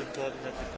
important that the